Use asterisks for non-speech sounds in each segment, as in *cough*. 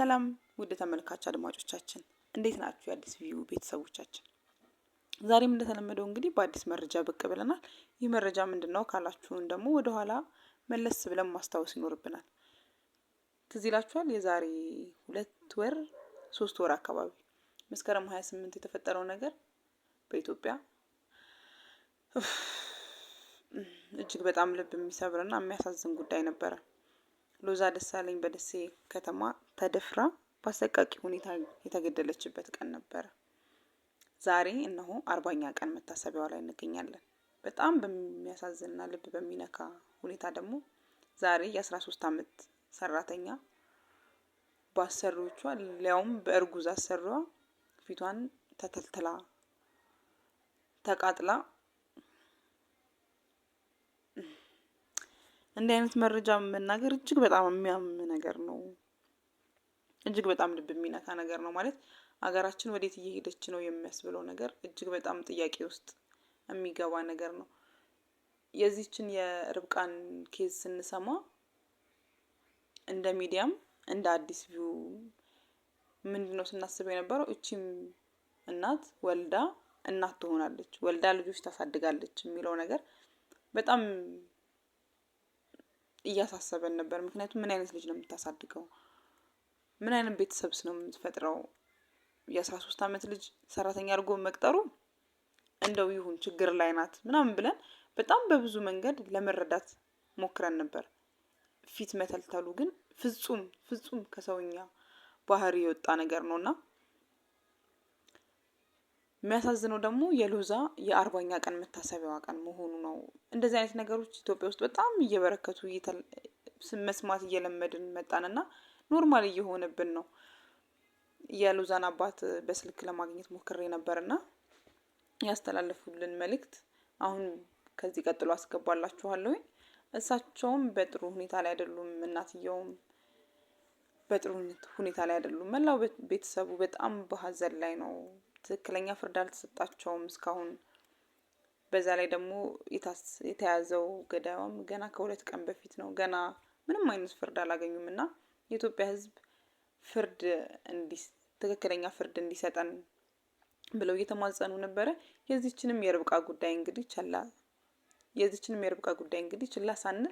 ሰላም ውድ ተመልካች አድማጮቻችን እንዴት ናችሁ? የአዲስ ቪው ቤተሰቦቻችን ዛሬም እንደተለመደው እንግዲህ በአዲስ መረጃ ብቅ ብለናል። ይህ መረጃ ምንድን ነው ካላችሁን ደግሞ ወደኋላ መለስ ብለን ማስታወስ ይኖርብናል። ትዝ ይላችኋል የዛሬ ሁለት ወር ሶስት ወር አካባቢ መስከረም ሀያ ስምንት የተፈጠረው ነገር በኢትዮጵያ እጅግ በጣም ልብ የሚሰብርና የሚያሳዝን ጉዳይ ነበረ። ሎዛ ደሳለኝ በደሴ ከተማ ተደፍራ በአሰቃቂ ሁኔታ የተገደለችበት ቀን ነበረ። ዛሬ እነሆ አርባኛ ቀን መታሰቢያዋ ላይ እንገኛለን። በጣም በሚያሳዝንና ልብ በሚነካ ሁኔታ ደግሞ ዛሬ የአስራ ሶስት አመት ሰራተኛ በአሰሪዎቿ ሊያውም በእርጉዝ አሰሪዋ ፊቷን ተተልትላ ተቃጥላ እንዲህ አይነት መረጃ መናገር እጅግ በጣም የሚያም ነገር ነው። እጅግ በጣም ልብ የሚነካ ነገር ነው። ማለት አገራችን ወዴት እየሄደች ነው የሚያስብለው ነገር እጅግ በጣም ጥያቄ ውስጥ የሚገባ ነገር ነው። የዚችን የርብቃን ኬዝ ስንሰማ እንደ ሚዲያም እንደ አዲስ ቪው ምንድን ነው ስናስብ የነበረው እቺም እናት ወልዳ እናት ትሆናለች፣ ወልዳ ልጆች ታሳድጋለች የሚለው ነገር በጣም እያሳሰበን ነበር። ምክንያቱም ምን አይነት ልጅ ነው የምታሳድገው? ምን አይነት ቤተሰብስ ነው የምትፈጥረው? የአስራ ሶስት አመት ልጅ ሰራተኛ አድርጎ መቅጠሩ እንደው ይሁን ችግር ላይ ናት ምናምን ብለን በጣም በብዙ መንገድ ለመረዳት ሞክረን ነበር። ፊት መተልተሉ ግን ፍጹም ፍጹም ከሰውኛ ባህሪ የወጣ ነገር ነው እና የሚያሳዝነው ደግሞ የሎዛ የአርባኛ ቀን መታሰቢያዋ ቀን መሆኑ ነው። እንደዚህ አይነት ነገሮች ኢትዮጵያ ውስጥ በጣም እየበረከቱ መስማት እየለመድን መጣንና ኖርማል እየሆነብን ነው። የሎዛን አባት በስልክ ለማግኘት ሞክሬ ነበርና ያስተላለፉልን መልእክት አሁን ከዚህ ቀጥሎ አስገባላችኋለሁ። እሳቸውም በጥሩ ሁኔታ ላይ አይደሉም። እናትየውም በጥሩ ሁኔታ ላይ አይደሉም። መላው ቤተሰቡ በጣም በሀዘን ላይ ነው። ትክክለኛ ፍርድ አልተሰጣቸውም እስካሁን። በዛ ላይ ደግሞ የተያዘው ገዳዩም ገና ከሁለት ቀን በፊት ነው። ገና ምንም አይነት ፍርድ አላገኙም እና የኢትዮጵያ ሕዝብ ፍርድ ትክክለኛ ፍርድ እንዲሰጠን ብለው እየተማጸኑ ነበረ። የዚችንም የርብቃ ጉዳይ እንግዲህ ችላ የዚችንም የርብቃ ጉዳይ እንግዲህ ችላ ሳንል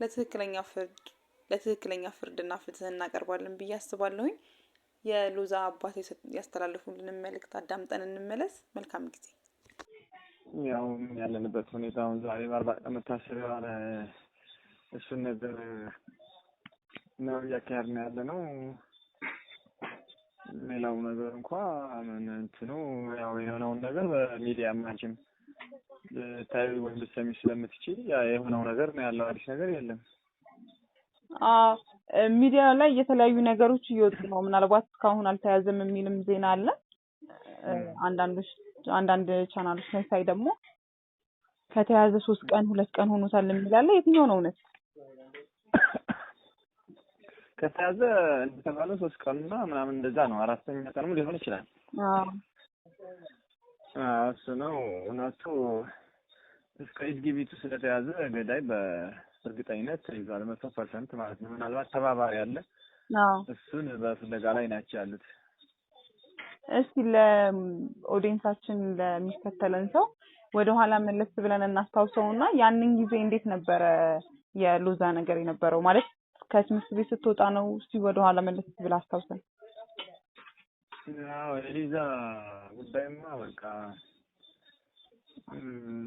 ለትክክለኛ ፍርድ ለትክክለኛ ፍርድና ፍትህ እናቀርባለን ብዬ አስባለሁኝ። የሎዛ አባት ያስተላለፉልን መልእክት አዳምጠን እንመለስ። መልካም ጊዜ። ያው ያለንበት ሁኔታ አሁን ዛሬ በአርባ ቀን መታሰቢያ እሱን ነገር ነው እያካሄድ ነው ያለ ነው። ሌላው ነገር እንኳ ምን እንትኑ ያው የሆነውን ነገር በሚዲያ ማችም ታዩ ወይም ልትሰሚ ስለምትችል የሆነው ነገር ነው ያለው። አዲስ ነገር የለም። ሚዲያ ላይ የተለያዩ ነገሮች እየወጡ ነው። ምናልባት እስካሁን አልተያዘም የሚልም ዜና አለ። አንዳንድ ቻናሎች ላይ ሳይ ደግሞ ከተያዘ ሶስት ቀን ሁለት ቀን ሆኖታል የሚላለ የትኛው ነው እውነት? ከተያዘ እንደተባለ ሶስት ቀኑና ምናምን እንደዛ ነው። አራተኛ ቀኑም ሊሆን ይችላል። እሱ ነው እውነቱ። እስከ ኢድጊቢቱ ስለተያዘ ገዳይ በ እርግጠኝነት ተይዟል፣ መቶ ፐርሰንት ማለት ነው። ምናልባት ተባባሪ አለ፣ እሱን በፍለጋ ላይ ናቸው ያሉት። እስቲ ለኦዲየንሳችን ለሚከተለን ሰው ወደኋላ መለስ ብለን እናስታውሰው እና ያንን ጊዜ እንዴት ነበረ የሎዛ ነገር የነበረው? ማለት ከትምህርት ቤት ስትወጣ ነው። እስቲ ወደኋላ መለስ ብለን አስታውሰን። አዎ የሊዛ ጉዳይማ በቃ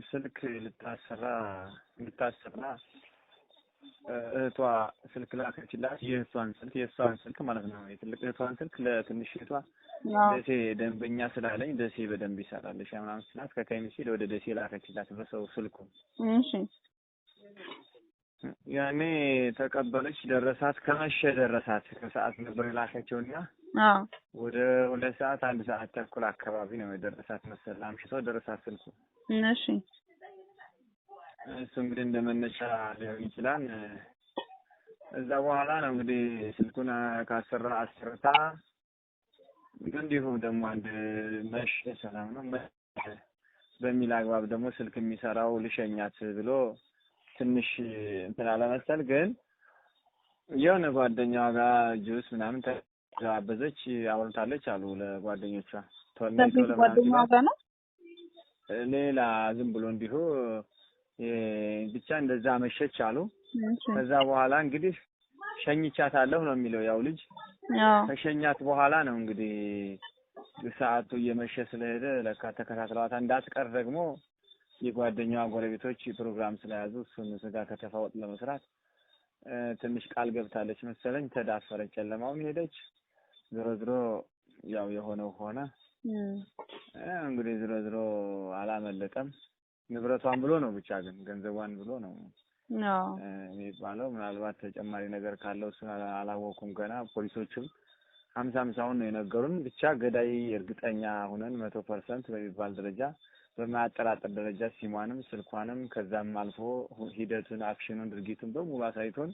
ስልክ ልታሰራ ልታሰራ እህቷ ስልክ ላከችላት። የእሷን ስልክ የእሷን ስልክ ማለት ነው የትልቅ እህቷን ስልክ ለትንሽ እህቷ ደሴ ደንበኛ ስላለኝ ደሴ በደንብ ይሰራልሽ ምናምን ስላት ከከሚሴ ወደ ደሴ ላከችላት በሰው ስልኩ። ያኔ ተቀበለች። ደረሳት፣ ከመሸ ደረሳት። ከሰዓት ነበር የላከችው እና ወደ ሁለት ሰዓት አንድ ሰዓት ተኩል አካባቢ ነው የደረሳት መሰል። አምሽቶ ደረሳት ስልኩ። እሺ እሱ እንግዲህ እንደመነሻ ሊሆን ይችላል። እዛ በኋላ ነው እንግዲህ ስልኩን ካሰራ አሰርታ እንዲሁ ደግሞ አንድ መሽ ሰላም ነው በሚል አግባብ ደግሞ ስልክ የሚሰራው ልሸኛት ብሎ ትንሽ እንትን አለመሰል ግን የሆነ ጓደኛዋ ጋር ጁስ ምናምን ተጋበዘች፣ አውርታለች አሉ ለጓደኞቿ ነው ሌላ ዝም ብሎ እንዲሁ ብቻ እንደዛ መሸች አሉ። ከዛ በኋላ እንግዲህ ሸኝቻታለሁ ነው የሚለው ያው ልጅ ከሸኛት በኋላ ነው እንግዲህ ሰዓቱ እየመሸ ስለሄደ ለካ ተከታትለዋት እንዳትቀር ደግሞ የጓደኛዋ ጎረቤቶች ፕሮግራም ስለያዙ እሱን ስጋ ከተፋ ወጥ ለመስራት ትንሽ ቃል ገብታለች መሰለኝ። ተዳፈረች፣ ጨለማውን ሄደች። ዝሮ ዝሮ ያው የሆነው ሆነ። እንግዲህ ዝሮ ዝሮ አላመለጠም። ንብረቷን ብሎ ነው ብቻ ግን ገንዘቧን ብሎ ነው የሚባለው። ምናልባት ተጨማሪ ነገር ካለው አላወኩም ገና። ፖሊሶችም ሀምሳ ሀምሳውን ነው የነገሩን። ብቻ ገዳይ እርግጠኛ ሁነን መቶ ፐርሰንት በሚባል ደረጃ በማያጠራጥር ደረጃ ሲሟንም ስልኳንም ከዛም አልፎ ሂደቱን አክሽኑን ድርጊቱን በሙሉ አሳይቶን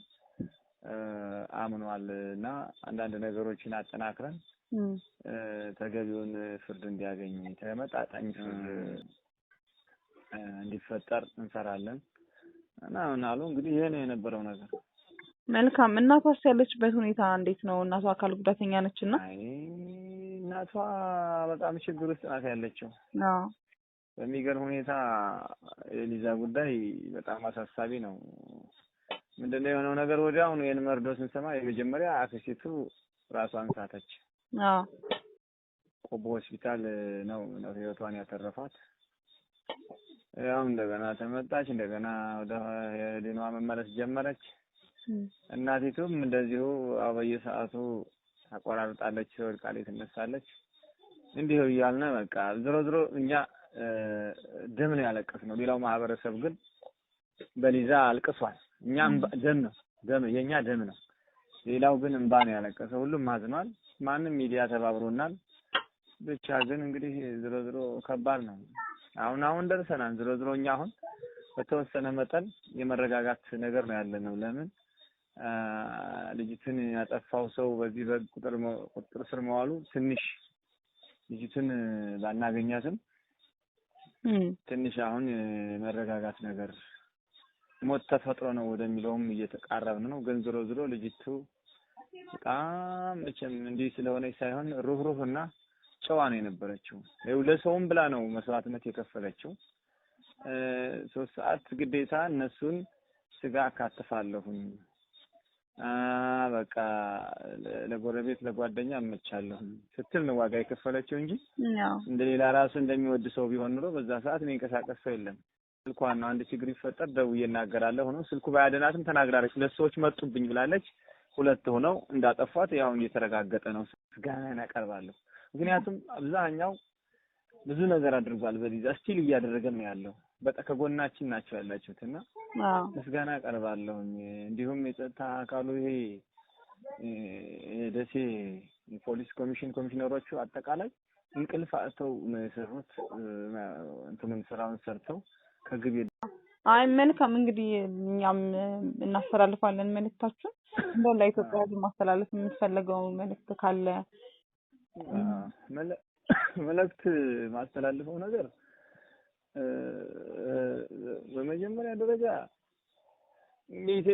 አምኗል እና አንዳንድ ነገሮችን አጠናክረን ተገቢውን ፍርድ እንዲያገኝ ተመጣጣኝ ፍርድ እንዲፈጠር እንሰራለን እና አሉ። እንግዲህ ይሄ ነው የነበረው ነገር። መልካም። እናቷስ ያለችበት ሁኔታ እንዴት ነው? እናቷ አካል ጉዳተኛ ነች እና እናቷ በጣም ችግር ውስጥ ናት ያለችው። በሚገርም ሁኔታ የሊዛ ጉዳይ በጣም አሳሳቢ ነው። ምንድነው ነው የሆነው ነገር? ወዲያውኑ ይህን መርዶ ስንሰማ የመጀመሪያ አክስቲቱ ራሷን ሳተች። ቆቦ ሆስፒታል ነው ነው ህይወቷን ያተረፋት። ያው እንደገና ተመጣች፣ እንደገና ወደ ዲኗ መመለስ ጀመረች። እናቲቱም እንደዚሁ አበየ ሰዓቱ ታቆራርጣለች፣ ወድቃለች፣ ትነሳለች። እንዲሁ እያልነ በቃ ዝሮ ዝሮ እኛ ደም ነው ያለቀስ ነው። ሌላው ማህበረሰብ ግን በሊዛ አልቅሷል። እኛም ደም ነው ደም የኛ ደም ነው። ሌላው ግን እንባ ነው ያለቀሰ። ሁሉም አዝኗል። ማንም ሚዲያ ተባብሮናል። ብቻ ግን እንግዲህ ዝሮ ዝሮ ከባድ ነው። አሁን አሁን ደርሰናል። ዝሮ ዝሮ እኛ አሁን በተወሰነ መጠን የመረጋጋት ነገር ነው ነው። ለምን ልጅትን ያጠፋው ሰው በዚህ በህግ ስር መዋሉ ትንሽ ልጅትን ባናገኛትም ትንሽ አሁን መረጋጋት ነገር ሞት ተፈጥሮ ነው ወደሚለውም እየተቃረብን ነው። ግን ዝሮ ዝሮ ልጅቱ በጣም መቼም እንዲህ ስለሆነች ሳይሆን ሩህሩህና ጨዋ ነው የነበረችው። ለሰውም ብላ ነው መስዋዕትነት የከፈለችው። ሶስት ሰዓት ግዴታ እነሱን ስጋ አካትፋለሁኝ። በቃ ለጎረቤት ለጓደኛ አመቻለሁ ስትል ነው ዋጋ የከፈለችው እንጂ እንደሌላ ራሱ እንደሚወድ ሰው ቢሆን ኑሮ በዛ ሰዓት እንቀሳቀስ ሰው የለም። ስልኳን ነው አንድ ችግር ይፈጠር ደውዬ እናገራለሁ ሆኖ ስልኩ ባያደናትም ተናግራለች። ሁለት ሰዎች መጡብኝ ብላለች። ሁለት ሆነው እንዳጠፏት ያው እየተረጋገጠ ነው። ምስጋና እናቀርባለሁ። ምክንያቱም አብዛኛው ብዙ ነገር አድርጓል። በሊዛ ስቲል እያደረገ ነው ያለው። በቃ ከጎናችን ናቸው ያላችሁት እና ምስጋና አቀርባለሁ። እንዲሁም የጸጥታ አካሉ ይሄ ደሴ ፖሊስ ኮሚሽን ኮሚሽነሮቹ አጠቃላይ እንቅልፍ አጥተው ሰሩት እንትምን ስራውን ሰርተው ከግብ አይ መልካም እንግዲህ እኛም እናስተላልፋለን መልእክታችን እንደው ለኢትዮጵያ ሕዝብ ማስተላለፍ የምትፈልገው መልእክት ካለ *coughs* መልእክት ማስተላልፈው ነገር በመጀመሪያ ደረጃ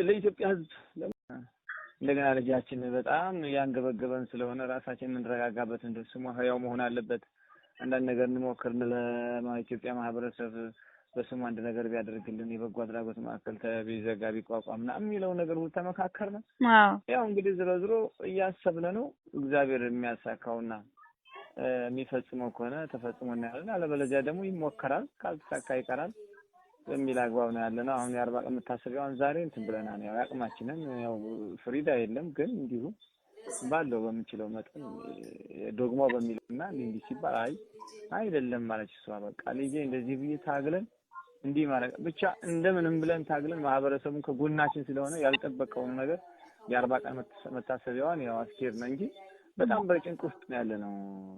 ለኢትዮጵያ ሕዝብ እንደገና ልጃችን በጣም ያንገበገበን ስለሆነ ራሳችን የምንረጋጋበት እንደ ስሙ መሆን አለበት። አንዳንድ ነገር እንሞክር ለኢትዮጵያ ማህበረሰብ በስሙ አንድ ነገር ቢያደርግልን የበጎ አድራጎት ማዕከል ተቢዘጋ ና የሚለው ነገር ሁሉ ተመካከርን። ያው እንግዲህ ዝሮ ዝሮ እያሰብን ነው። እግዚአብሔር የሚያሳካውና የሚፈጽመው ከሆነ ተፈጽሞ እናያለን፣ አለበለዚያ ደግሞ ይሞከራል፣ ካልተሳካ ይቀራል በሚል አግባብ ነው ያለ ነው። አሁን የአርባ ቀን የምታስቢያውን ዛሬ እንትን ነው ያው ያቅማችንን ያው ፍሪዳ የለም ግን እንዲሁ ባለው በምችለው መጠን ዶግማ በሚለው እና እንዲህ ሲባል አይ አይደለም ማለት እሷ በቃ ልጄ እንደዚህ ብዬ ታግለን እንዲህ ማለት ብቻ እንደምንም ብለን ታግለን ማህበረሰቡን ከጎናችን ስለሆነ ያልጠበቀውን ነገር የአርባ ቀን መታሰቢያዋን ያው አስኬድ ነው እንጂ በጣም በጭንቅ ውስጥ ነው ያለ ነው።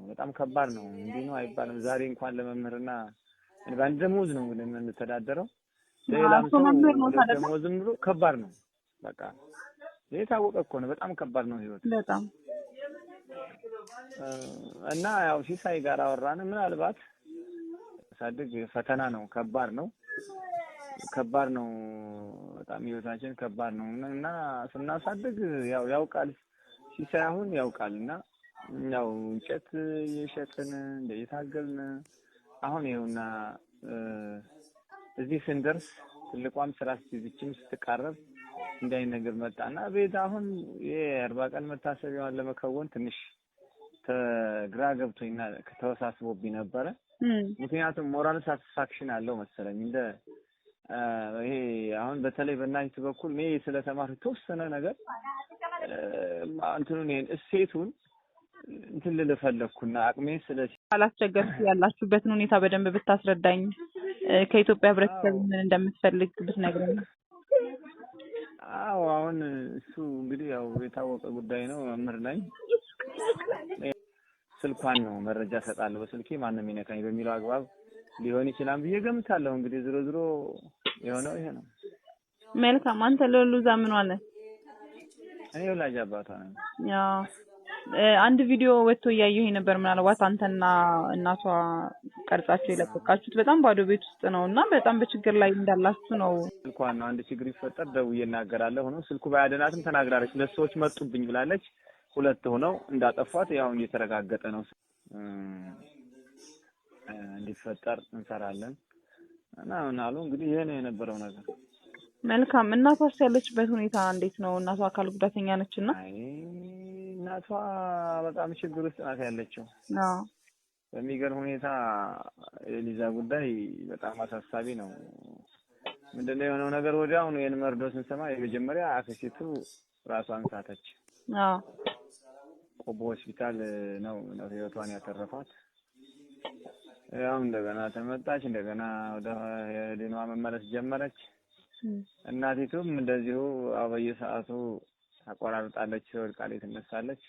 በጣም ከባድ ነው። እንዲህ ነው አይባልም። ዛሬ እንኳን ለመምህርና በአንድ ደሞዝ ነው እንግዲህ የምንተዳደረው። ሌላም ሰው ደሞዝም ብሎ ከባድ ነው በቃ የታወቀ እኮ ነው። በጣም ከባድ ነው ህይወት በጣም እና ያው ሲሳይ ጋር አወራን። ምናልባት ሳድግ ፈተና ነው፣ ከባድ ነው፣ ከባድ ነው። በጣም ህይወታችን ከባድ ነው እና ስናሳድግ ያው ያውቃል ሲሳይ አሁን ያውቃል እና ያው እንጨት እየሸጥን እየታገልን አሁን ይኸውና እዚህ ስንደርስ ትልቋም ስራ ስትይዝችም ስትቃረብ እንዳይ ነገር መጣና ቤት አሁን የአርባ ቀን መታሰቢያዋን ለመከወን ትንሽ ተግራ ገብቶኝና ተወሳስቦብኝ ነበረ። ምክንያቱም ሞራል ሳትስፋክሽን አለው መሰለኝ እንደ ይሄ አሁን በተለይ በእናንተ በኩል እኔ ስለተማር የተወሰነ ነገር እንትኑን ይሄን እሴቱን እንትን ልል ፈለግኩና አቅሜ ስለ አላስቸገር ያላችሁበትን ሁኔታ በደንብ ብታስረዳኝ ከኢትዮጵያ ህብረተሰብ ምን እንደምትፈልግ ብትነግረኝ አዎ አሁን እሱ እንግዲህ ያው የታወቀ ጉዳይ ነው። መምህር ላይ ስልኳን ነው መረጃ እሰጣለሁ በስልኬ ማንም ይነካኝ በሚለው አግባብ ሊሆን ይችላል ብዬ ገምታለሁ። እንግዲህ ዝሮ ዝሮ የሆነው ይሄ ነው። መልካም። አንተ ለሁሉ ዛምኗል። እኔ ወላጅ አባቷ ነኝ። አንድ ቪዲዮ ወጥቶ እያየሁኝ ነበር። ምናልባት አንተና እናቷ ቀርጻችሁ የለቀቃችሁት በጣም ባዶ ቤት ውስጥ ነው እና በጣም በችግር ላይ እንዳላችሁ ነው። ስልኳን አንድ ችግር ይፈጠር ደውዬ እናገራለሁ ሆኖ ስልኩ ባያደናትም ተናግራለች። ሁለት ሰዎች መጡብኝ ብላለች። ሁለት ሆነው እንዳጠፏት ያሁን እየተረጋገጠ ነው። እንዲፈጠር እንሰራለን እና ምናሉ እንግዲህ ይህ ነው የነበረው ነገር። መልካም እናቷስ ያለችበት ሁኔታ እንዴት ነው? እናቷ አካል ጉዳተኛ ነች እና እናቷ በጣም ችግር ውስጥ ናት ያለችው። በሚገርም ሁኔታ የሊዛ ጉዳይ በጣም አሳሳቢ ነው። ምንድነው የሆነው ነገር? ወዲያውኑ ይህን መርዶ ስንሰማ የመጀመሪያ አክስቲቱ ራሷን ሳተች። ቆቦ ሆስፒታል ነው ህይወቷን ያተረፏት። ያው እንደገና ተመጣች፣ እንደገና ወደ ዴኗ መመለስ ጀመረች። እናቲቱም እንደዚሁ አበየ ሰዓቱ ታቆራርጣለች፣ ወድቃለች፣ ትነሳለች።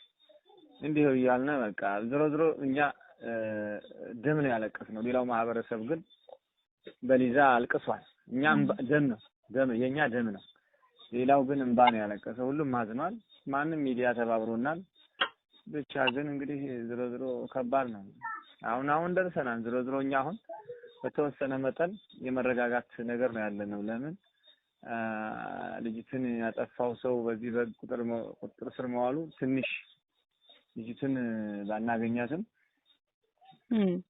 እንዲህ እያልን በቃ ዝሮ ዝሮ እኛ ደም ነው ያለቀስ ነው። ሌላው ማህበረሰብ ግን በሊዛ አልቅሷል። እኛ ደም ነው ደም የኛ ደም ነው። ሌላው ግን እንባ ነው ያለቀሰ። ሁሉም አዝኗል። ማንም ሚዲያ ተባብሮናል። ብቻ ግን እንግዲህ ዝሮ ዝሮ ከባድ ነው። አሁን አሁን ደርሰናል። ዝሮ ዝሮ እኛ አሁን በተወሰነ መጠን የመረጋጋት ነገር ነው ያለ ነው። ለምን ልጅትን ያጠፋው ሰው በዚህ በህግ ቁጥጥር ስር መዋሉ ትንሽ ልጅትን ባናገኛትም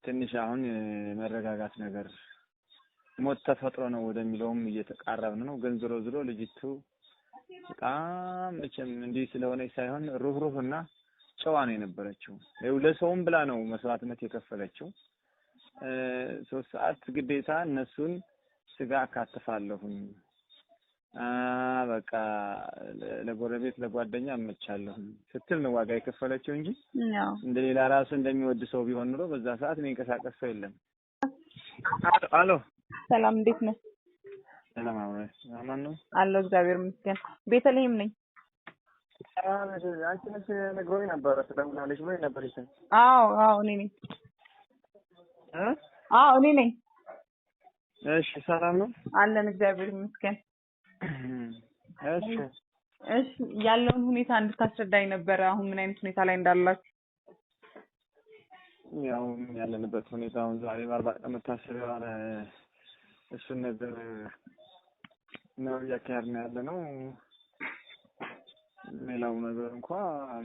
ትንሽ አሁን መረጋጋት ነገር ሞት ተፈጥሮ ነው ወደሚለውም እየተቃረብን ነው። ግን ዝሮ ዝሮ ልጅቱ በጣም መቼም እንዲህ ስለሆነ ሳይሆን ሩህሩህ እና ጨዋ ነው የነበረችው። ይኸው ለሰውም ብላ ነው መስዋዕትነት የከፈለችው። ሶስት ሰዓት ግዴታ እነሱን ስጋ አካትፋለሁኝ በቃ ለጎረቤት ለጓደኛ አመቻለሁ ስትል ነው ዋጋ የከፈለችው እንጂ እንደሌላ ራሱ እንደሚወድ ሰው ቢሆን ኑሮ በዛ ሰዓት እንቀሳቀስ ሰው የለም። አሎ፣ ሰላም፣ እንዴት ነህ? ሰላም አብረ አማን ነው አለው። እግዚአብሔር ይመስገን። ቤተልሔም ነኝ። አንቺ ነሽ ነግሮኝ ነበረ ስለምናለች ብሎኝ ነበር። ይሰን አዎ፣ አዎ፣ እኔ ነኝ። አዎ፣ እኔ ነኝ። እሺ፣ ሰላም ነው አለን። እግዚአብሔር ይመስገን። እሺ እሺ ያለውን ሁኔታ እንድታስረዳኝ ነበረ። አሁን ምን አይነት ሁኔታ ላይ እንዳላችሁ? ያው ያለንበት ሁኔታ አሁን ዛሬ በአርባ ቀን መታሰቢያ እሱን ነገር ነው እያካሄድ ነው ያለ ነው። ሌላው ነገር እንኳ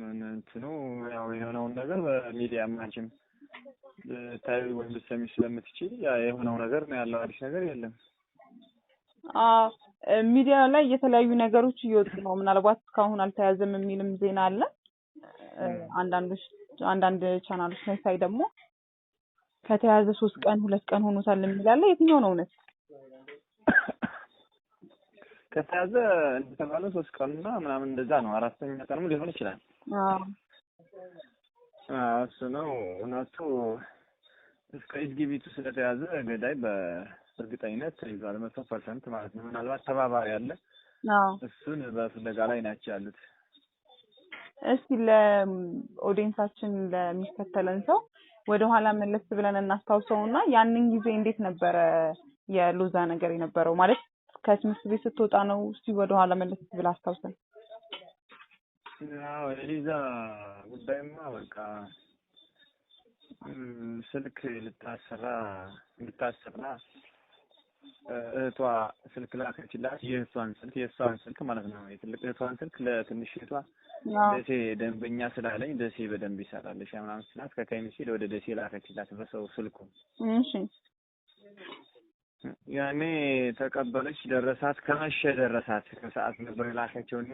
ምን እንትኑ ያው የሆነውን ነገር በሚዲያ ማጅም ታዩ ወይም ልትሰሚ ስለምትችል የሆነው ነገር ነው ያለው። አዲስ ነገር የለም። ሚዲያ ላይ የተለያዩ ነገሮች እየወጡ ነው። ምናልባት እስካሁን አልተያዘም የሚልም ዜና አለ። አንዳንድ ቻናሎች ላይ ሳይ ደግሞ ከተያዘ ሶስት ቀን ሁለት ቀን ሆኖታል የሚል አለ። የትኛው ነው እውነት? ከተያዘ እንደተባለ ሶስት ቀን ቀኑና ምናምን እንደዛ ነው። አራተኛ ቀንም ሊሆን ይችላል። እሱ ነው እውነቱ። እስከ ኢድጊ ስለተያዘ ገዳይ በ እርግጠኝነት ተይዟል፣ መቶ ፐርሰንት ማለት ነው። ምናልባት ተባባሪ አለ፣ እሱን በፍለጋ ላይ ናቸው ያሉት። እስቲ ለኦዲየንሳችን ለሚከተለን ሰው ወደኋላ መለስ ብለን እናስታውሰው እና ያንን ጊዜ እንዴት ነበረ የሎዛ ነገር የነበረው? ማለት ከትምህርት ቤት ስትወጣ ነው? እስቲ ወደኋላ መለስ ብለን አስታውሰን። አዎ የሊዛ ጉዳይማ በቃ ስልክ ልታሰራ ልታሰራ እህቷ ስልክ ላከችላት። የእሷን ስልክ የእሷን ስልክ ማለት ነው የትልቅ እህቷን ስልክ ለትንሽ እህቷ ደሴ ደንበኛ ስላለኝ ደሴ በደንብ ይሰራልሽ ምናምን ስላት ከከሚሴ ወደ ደሴ ላከችላት በሰው ስልኩ። ያኔ ተቀበለች። ደረሳት፣ ከመሸ ደረሳት። ከሰዓት ነበር የላከችውና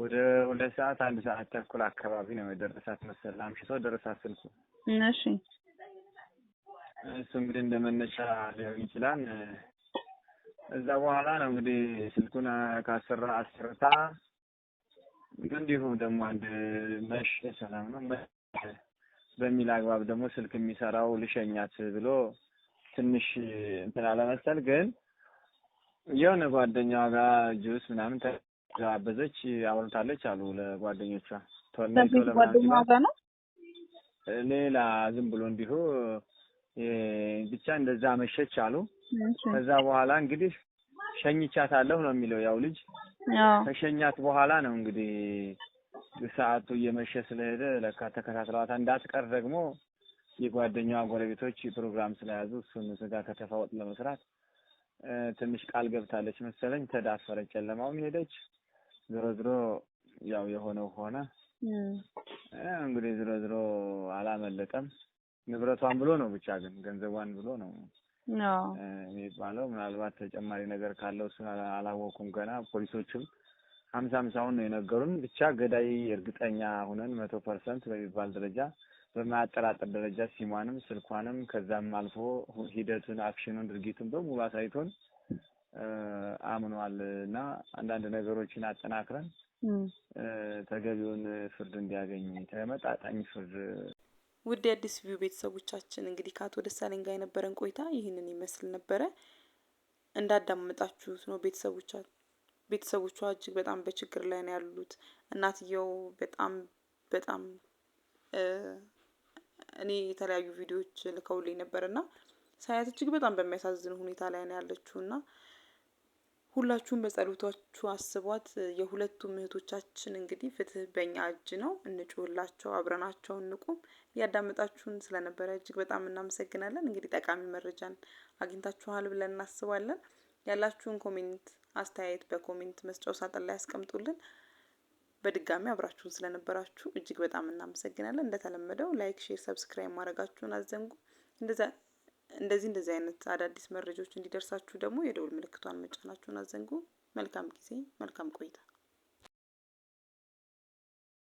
ወደ ሁለት ሰዓት አንድ ሰዓት ተኩል አካባቢ ነው የደረሳት መሰል። አምሽቶ ደረሳት ስልኩ። እሺ እሱ እንግዲህ እንደመነሻ ሊሆን ይችላል። እዛ በኋላ ነው እንግዲህ ስልኩን ከአስራ አሰርታ እንዲሁ ደግሞ አንድ መሽ ሰላም ነው በሚል አግባብ ደግሞ ስልክ የሚሰራው ልሸኛት ብሎ ትንሽ እንትን አለመሰል ግን የሆነ ጓደኛዋ ጋር ጁስ ምናምን ተጋበዘች፣ አውርታለች አሉ ለጓደኞቿ ሌላ ዝም ብሎ እንዲሁ ብቻ እንደዛ መሸች አሉ። ከዛ በኋላ እንግዲህ ሸኝቻታለሁ ነው የሚለው ያው ልጅ ከሸኛት በኋላ ነው እንግዲህ ሰዓቱ እየመሸ ስለሄደ ለካ ተከታትለዋት እንዳትቀር ደግሞ የጓደኛዋ ጎረቤቶች ፕሮግራም ስለያዙ እሱን ስጋ ከተፋ ወጥ ለመስራት ትንሽ ቃል ገብታለች መሰለኝ። ተዳፈረች፣ ጨለማውም ሄደች። ዝሮ ዝሮ ያው የሆነው ሆነ። እንግዲህ ዝሮ ዝሮ አላመለጠም። ንብረቷን ብሎ ነው ብቻ ግን ገንዘቧን ብሎ ነው የሚባለው። ምናልባት ተጨማሪ ነገር ካለው እሱን አላወኩም ገና። ፖሊሶችም ሀምሳ ሀምሳውን ነው የነገሩን። ብቻ ገዳይ እርግጠኛ ሁነን መቶ ፐርሰንት በሚባል ደረጃ በማያጠራጥር ደረጃ ሲሟንም ስልኳንም ከዛም አልፎ ሂደቱን አክሽኑን ድርጊቱን በሙሉ አሳይቶን አምኗል እና አንዳንድ ነገሮችን አጠናክረን ተገቢውን ፍርድ እንዲያገኝ ተመጣጣኝ ፍርድ ውድ አዲስ ቪው ቤተሰቦቻችን እንግዲህ ከአቶ ደሳለኝ ጋር የነበረን ቆይታ ይህንን ይመስል ነበረ። እንዳዳመጣችሁት ነው ቤተሰቦቿ ቤተሰቦቿ እጅግ በጣም በችግር ላይ ነው ያሉት። እናትየው በጣም በጣም እኔ የተለያዩ ቪዲዮዎች ልከውልኝ ነበር እና ሳያት እጅግ በጣም በሚያሳዝን ሁኔታ ላይ ነው ያለችው እና ሁላችሁም በጸሎታችሁ አስቧት። የሁለቱም እህቶቻችን እንግዲህ ፍትህ በኛ እጅ ነው። እንጩሁላቸው፣ አብረናቸው እንቁም። እያዳመጣችሁን ስለነበረ እጅግ በጣም እናመሰግናለን። እንግዲህ ጠቃሚ መረጃን አግኝታችኋል ብለን እናስባለን። ያላችሁን ኮሜንት፣ አስተያየት በኮሜንት መስጫው ሳጥን ላይ ያስቀምጡልን። በድጋሚ አብራችሁን ስለነበራችሁ እጅግ በጣም እናመሰግናለን። እንደተለመደው ላይክ፣ ሼር፣ ሰብስክራይብ ማድረጋችሁን አዘንጉ እንደዛ እንደዚህ እንደዚህ አይነት አዳዲስ መረጃዎች እንዲደርሳችሁ ደግሞ የደውል ምልክቷን መጫናችሁን አዘንጉ። መልካም ጊዜ፣ መልካም ቆይታ